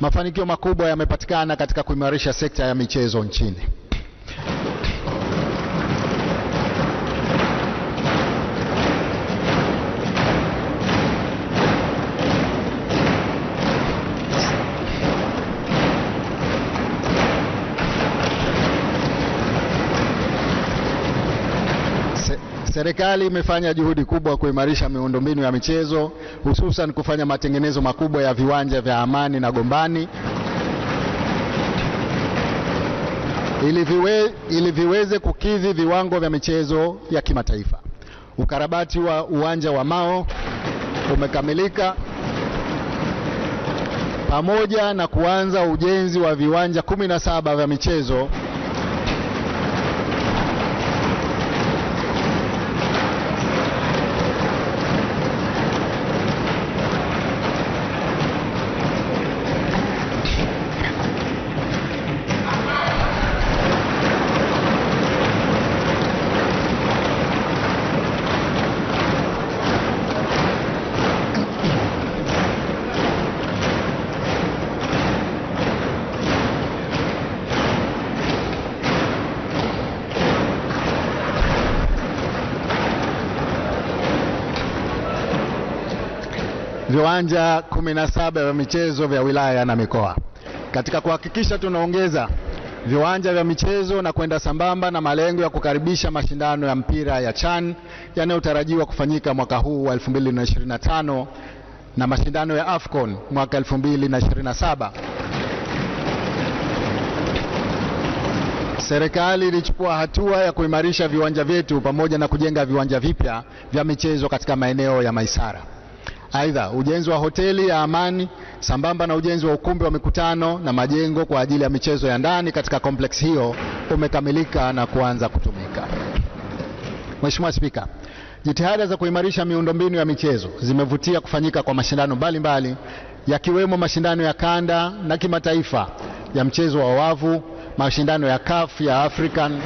Mafanikio makubwa yamepatikana katika kuimarisha sekta ya michezo nchini. Serikali imefanya juhudi kubwa kuimarisha miundombinu ya michezo hususan kufanya matengenezo makubwa ya viwanja vya Amani na Gombani ili viwe, ili viweze kukidhi viwango vya michezo ya kimataifa. Ukarabati wa uwanja wa Mao umekamilika pamoja na kuanza ujenzi wa viwanja 17 vya michezo viwanja kumi na saba vya michezo vya wilaya na mikoa. Katika kuhakikisha tunaongeza viwanja vya michezo na kwenda sambamba na malengo ya kukaribisha mashindano ya mpira ya CHAN yanayotarajiwa kufanyika mwaka huu wa 2025 na mashindano ya AFCON mwaka 2027. Serikali ilichukua hatua ya kuimarisha viwanja vyetu pamoja na kujenga viwanja vipya vya michezo katika maeneo ya Maisara. Aidha, ujenzi wa hoteli ya Amani sambamba na ujenzi wa ukumbi wa mikutano na majengo kwa ajili ya michezo ya ndani katika kompleksi hiyo umekamilika na kuanza kutumika. Mheshimiwa Spika, jitihada za kuimarisha miundombinu ya michezo zimevutia kufanyika kwa mashindano mbalimbali yakiwemo mashindano ya kanda na kimataifa ya mchezo wa wavu, mashindano ya CAF ya African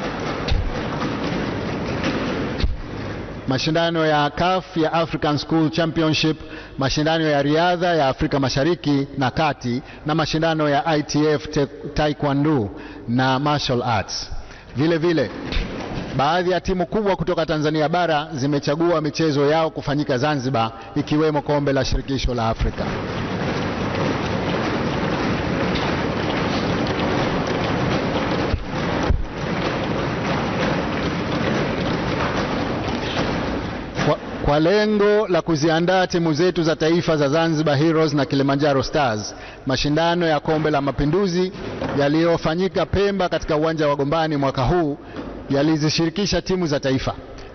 mashindano ya CAF ya African School Championship, mashindano ya riadha ya Afrika Mashariki na Kati na mashindano ya ITF Taekwondo na martial arts. Vile vile baadhi ya timu kubwa kutoka Tanzania bara zimechagua michezo yao kufanyika Zanzibar, ikiwemo kombe la shirikisho la Afrika. kwa lengo la kuziandaa timu zetu za taifa za Zanzibar Heroes na Kilimanjaro Stars mashindano ya Kombe la Mapinduzi yaliyofanyika Pemba katika uwanja wa Gombani mwaka huu yalizishirikisha timu za taifa.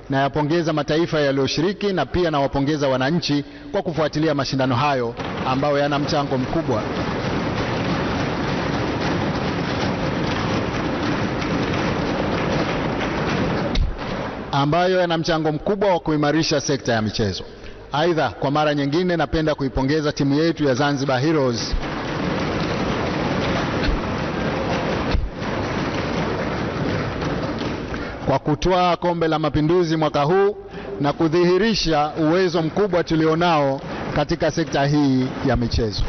Nayapongeza mataifa yaliyoshiriki na pia nawapongeza wananchi kwa kufuatilia mashindano hayo ambayo yana mchango mkubwa ambayo yana mchango mkubwa wa kuimarisha sekta ya michezo. Aidha, kwa mara nyingine napenda kuipongeza timu yetu ya Zanzibar Heroes kwa kutwaa kombe la mapinduzi mwaka huu na kudhihirisha uwezo mkubwa tulionao katika sekta hii ya michezo.